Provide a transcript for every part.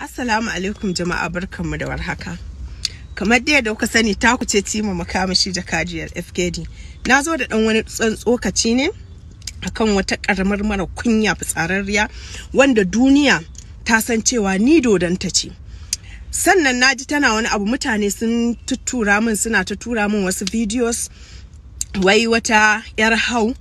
Assalamu alaikum jama'a barkanmu da warhaka. Kamar dai da kuka sani ta kuce cima makamashi da kajiyar FKD. Na zo da ɗan wani tsokaci ne akan wata ƙaramar mara kunya fitsararriya wanda duniya ta san cewa ni ta ce. Sannan na ji tana wani abu mutane sun tuttura min suna ta tura min wasu videos wai wata 'yar hau.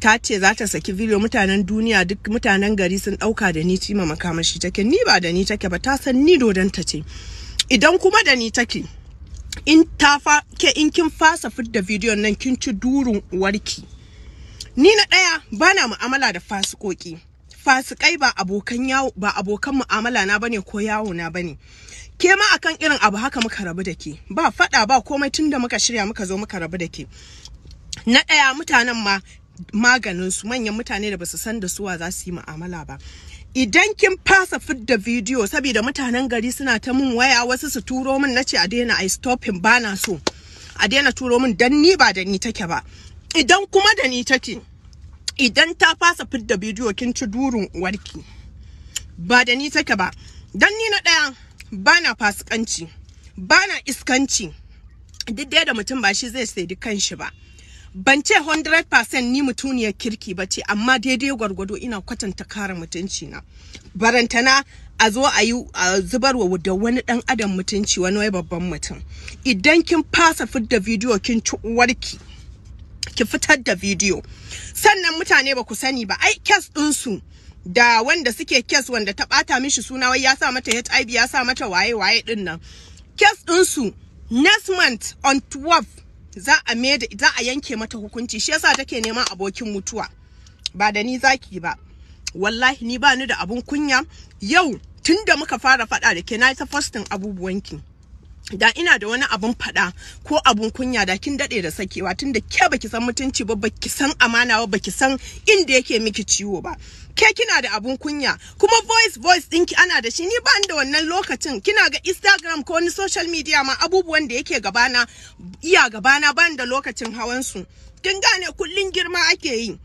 ta ce za ta saki video mutanen duniya duk mutanen gari sun ɗauka da ni cima makamashi take ni ba da ni take ba ta san ni dodon ta ce idan kuma da ni take in ta fa ke in kin fasa fidda bidiyon nan kin ci durun warki. ni na ɗaya bana mu'amala da fasikoki fasikai ba abokan yawo ba abokan mu'amala na bane ko yawo na bane ke ma akan irin abu haka muka rabu da ke ba fada ba komai tunda muka shirya muka zo muka rabu da ke na ɗaya mutanen ma maganin su manyan mutane da basu san da suwa za su yi mu'amala ba idan kin fasa fidda bidiyo saboda mutanen gari suna ta mun waya wasu su turo min nace a daina him ba na so a daina turo min dan ni ba da ni take ba idan kuma da ni take idan ta fasa fidda bidiyo kin ci durin warki. ba da ni take ba dan ni na daya bana fasikanci na iskanci duk da mutum ba shi zai kan shi ba ban ce 100% ni mutuniyar kirki ba ce amma daidai gwargwado ina kwatanta kare mutunci na barantana a zo a yi a zubarwa da wani dan adam mutunci wani wai babban mutum idan kin fasa fidda bidiyo kin ci uwarki ki fitar da bidiyo sannan mutane ba ku sani ba ai kes ɗinsu da wanda suke kes wanda ta ɓata mishi suna wai ya sa mata HIV ya sa mata waye waye din nan kes ɗinsu next month on 12 za a meda za a yanke mata hukunci shi yasa take neman abokin mutuwa ba da ni zaki ba wallahi ni ba ni da abun kunya yau tunda muka fara faɗa da ke na ta abubuwan abubuwanki da ina da wani abun fada ko abun kunya da kin dade da sakewa tunda ke baki san mutunci ba baki san amana ba baki san inda yake miki ciwo ba ke kina da abun kunya kuma voice voice dinki ana da shi ni ba da wannan lokacin kina ga instagram ko wani social media ma abubuwan da yake gabana iya gabana ba da lokacin hawan su kin gane kullun girma ake yi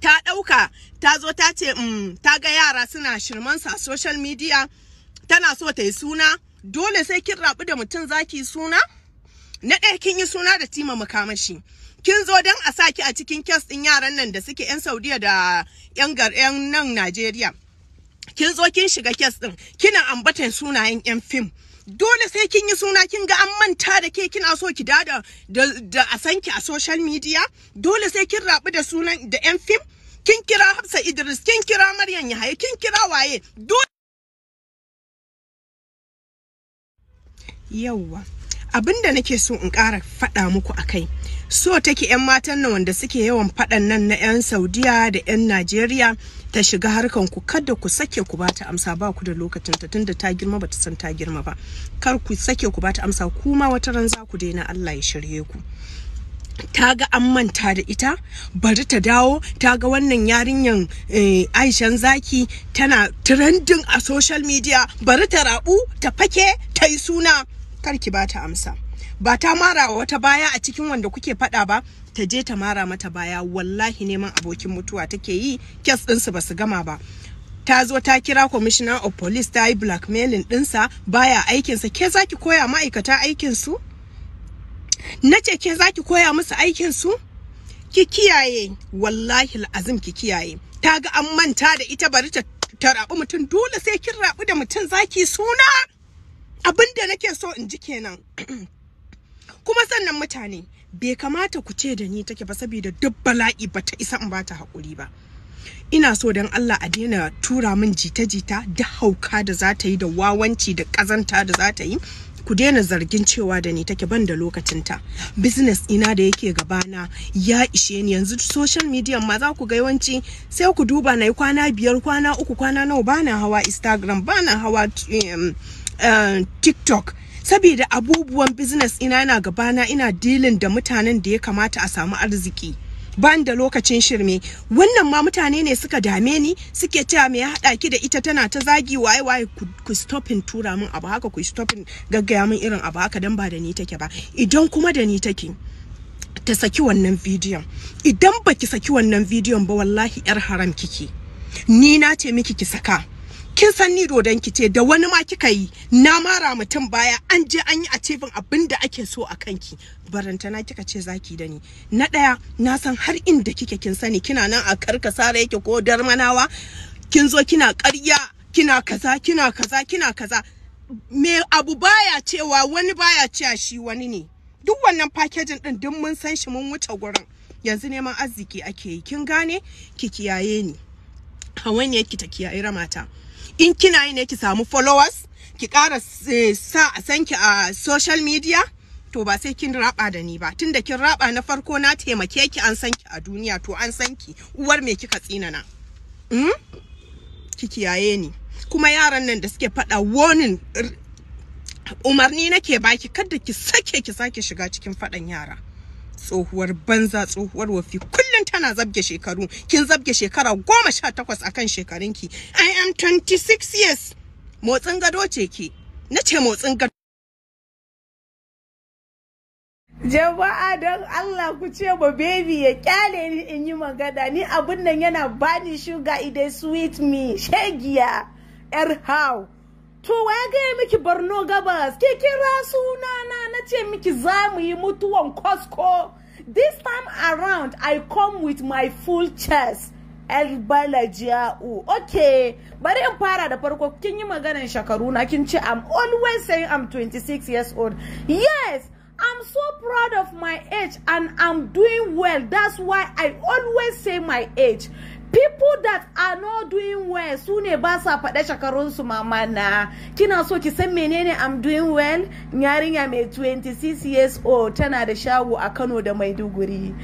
ta dauka ta zo ta ce mm, ta ga yara suna shirman sa social media tana so ta yi suna dole sai kin rabu da mutum zaki suna na ɗaya kin yi suna da tima makamashi kin zo don a saki a cikin kes ɗin yaran nan da suke 'yan saudiya da 'yan nan najeriya kin zo kin shiga kes ɗin kina ambatan sunayen 'yan fim dole sai kin yi suna kin ga an manta da ke kina so ki dada da a sanki a social media dole sai kin rabu da sunan da 'yan fim kin kira hafsa idris kin kira maryam yahaya kin kira waye dole yauwa abinda nake so in ƙara faɗa muku a kai so take 'yan matan nan wanda suke yawan faɗan nan na 'yan saudiya da 'yan najeriya ta shiga harkan ku kada ku sake ku bata amsa ba ku da lokacin ta tunda ta girma bata san ta girma ba kar ku sake ku bata amsa kuma wata ran za ku daina Allah ya shirye ku ta ga an manta da ita bari ta dawo ta ga wannan yarinyan eh, aishan zaki tana trending a social media bari ta rabu ta fake ta yi suna kar ki bata amsa ba ta mara wa wata baya a cikin wanda kuke faɗa ba ta je ta mara mata baya wallahi neman abokin mutuwa take yi kes ɗinsu ba su gama ba ta zo ta kira commissioner of police ta yi blackmailing ɗinsa baya aikinsa ke za ki koya ma'aikata aikinsu na ce ke za ki koya musu aikin su? ki kiyaye wallahi azim ki kiyaye ta ga an manta da ita bari ta rabu mutum dole sai kin rabu da mutum zaki suna abin da nake so in ji kenan kuma sannan mutane bai kamata ku ce da ni take ba saboda duk bala'i ba ta isa in ba ta haƙuri ba ina so don Allah a daina tura min jita-jita da hauka da za ta yi da wawanci da ƙazanta da za ta yi ku daina zargin cewa da ni take ban da ta, business ina da yake gabana ya ishe ni yanzu social media ma za ku ga yawanci sai ku duba na yi kwana biyar kwana uku kwana nawa bana hawa instagram bana hawa um, Eh, tiktok saboda abubuwan business ina na gabana ina dealing da mutanen da ya kamata a samu arziki ban da lokacin shirme wannan ma mutane ne suka dame ni suke cewa me ya hada ki da ita tana ta zagi waye waye ku stopin tura min abu haka ku stopin gaggaya min irin abu haka dan ba da ni take ba idan kuma da ni take ta saki wannan bidiyon idan baki saki wannan bidiyon ba wallahi yar haram kike ni na ce miki ki saka kin san ni dodon ki ce da wani ma kika yi na mara mutum baya an je an yi a abin da ake so a kanki barantana kika ce zaki da ni na daya na san har inda kike kin sani kina nan a karkasa yake ko darmanawa kin zo kina karya, kina kaza kina kaza kina kaza me abu baya cewa wani baya cewa shi wani ne duk wannan fakejin din duk mun san shi mun wuce gurin yanzu neman arziki ake yi kin gane ki kiyaye ni ne ki ta kiyaye ramata in kina yi ne ki samu followers ki ƙara eh, sa a sanki a social media to ba sai kin raba da ni ba tunda kin raba na farko na taimake ki an sanki a duniya to an ki. uwar me kika tsinana mm? ki kiyaye ni kuma yaran nan da suke faɗa warning umarni nake baki kada ki sake ki sake shiga cikin faɗan yara tsohuwar banza tsohuwar wafi tana zabge shekaru kin zabge shekara goma sha takwas akan shekarunki i am 26 years motsin gado ce ki na ce motsin gado jama'a don Allah ku ce ma baby ya kyale ni in yi magana ni abun nan yana bani shuga idai sweet me shegiya yar how to waya gaya miki borno gabas ke kira sunana na ce miki za mu yi mutuwan kosko This time around, I come with my full chest. Oh, okay bari in fara da farko i'm always saying i'm 26 years old yes i'm so proud of my age and i'm doing well that's why i always say my age people that are not doing well su ne ba sa shakarun shekarunsu mama na kina so ki san menene I'm doing well yarinya mai 26 years old tana da shago a Kano da Maiduguri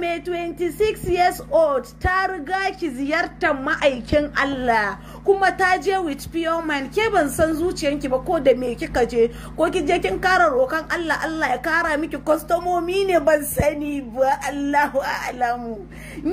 mai 26 years old ta riga ki ziyartar ma'aikin Allah kuma ta je with pure mind ke ban san zuciyanki ba ko da me kika je ko ki je kin kara rokan Allah Allah ya kara miki kwastomomi ne ban sani ba Allahu a'lamu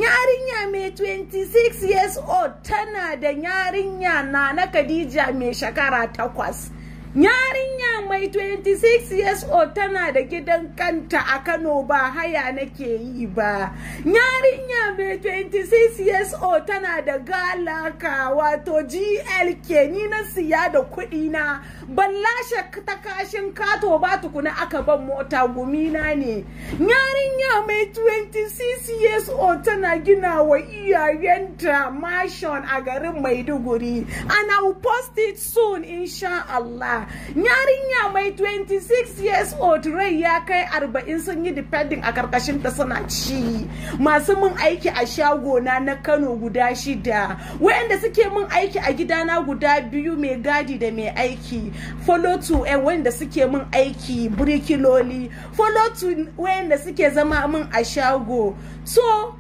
yarinya mai 26 years old tana da yarinya na na Khadija mai shekara takwas yarinya mai 26 years old tana da gidan kanta a kano ba haya nake yi ba yarinya mai 26 years old tana da galaka wato glk ni na siya da kuɗi na ban lashe ta kashin kato ba tukuna aka ban mota gumina ne yarinya mai 26 years old tana gina wa iyayenta mashon a garin maiduguri and i will post it soon insha Allah yarinya mai 26 years old rai ya kai 40 sun yi depending a karkashin ta suna ci masu mun aiki a shagona na Kano guda shida wayanda suke mun aiki a gidana guda biyu mai gadi da mai aiki follow to eh, wayanda suke mun aiki birikiloli follow to wayanda suke zama mun a shago so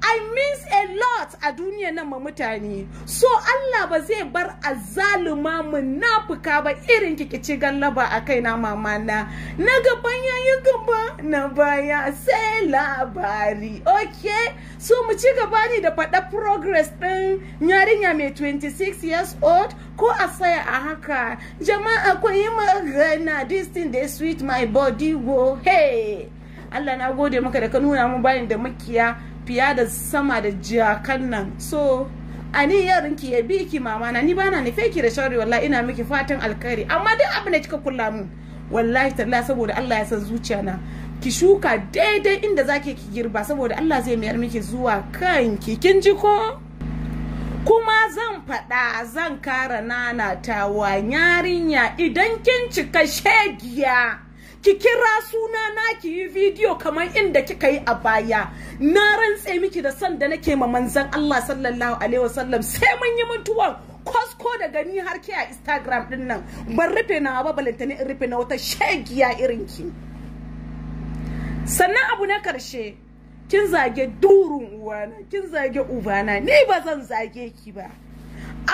I means a lot a duniya nan ma mutane so Allah ba zai bar azzaluma munafuka ba irin kikici gallaba a kaina mama na na gaban yayi gaba na baya sai labari okay so mu ci gaba ne da faɗa progress ɗin yarinya mai 26 years old ko a saya a haka jama'a akwai magana this thing dey sweet my body wo hey Allah na gode maka da ka nuna mu bayan da makiya fiya da sama da jakan nan so yarin ki ya bi ki mama na ni bana nufe ki da sharri wallahi ina miki fatan alkhairi amma duk abin da kika kula mun wallahi talla saboda Allah ya san zuciya na ki shuka daidai inda zake ki girba saboda Allah zai mayar miki zuwa kanki kin ji ko kuma zan faɗa zan kara nana tawa yarinya idan kin cika shegiya ki kira suna na ki yi video kamar inda kika yi a baya na rantse miki da san da nake ma manzon Allah sallallahu alaihi wasallam sai mun yi mutuwan kosko da gani har ke a Instagram din nan ban rufe na ba balanta in rufe na wata shagiya irin ki sannan abu na karshe kin zage durun uwana kin zage ubana ni ba zan zage ki ba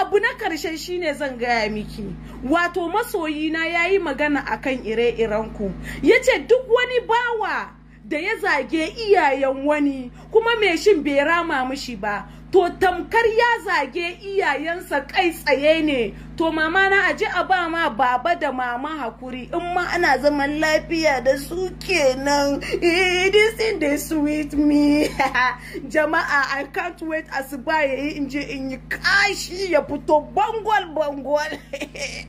abu na karshe shine zan gaya miki wato masoyina ya yi magana akan ire-irenku ya ce duk wani bawa da ya zage iyayen wani kuma mai shin bai rama mishi ba to tamkar ya zage iyayensa kai tsaye ne to mama na aje a ba ma baba da mama hakuri in ma ana zaman lafiya da su kenan this in the sweet me jama'a i can't wait asuba yayi in je in yi kashi ya fito bangol bangol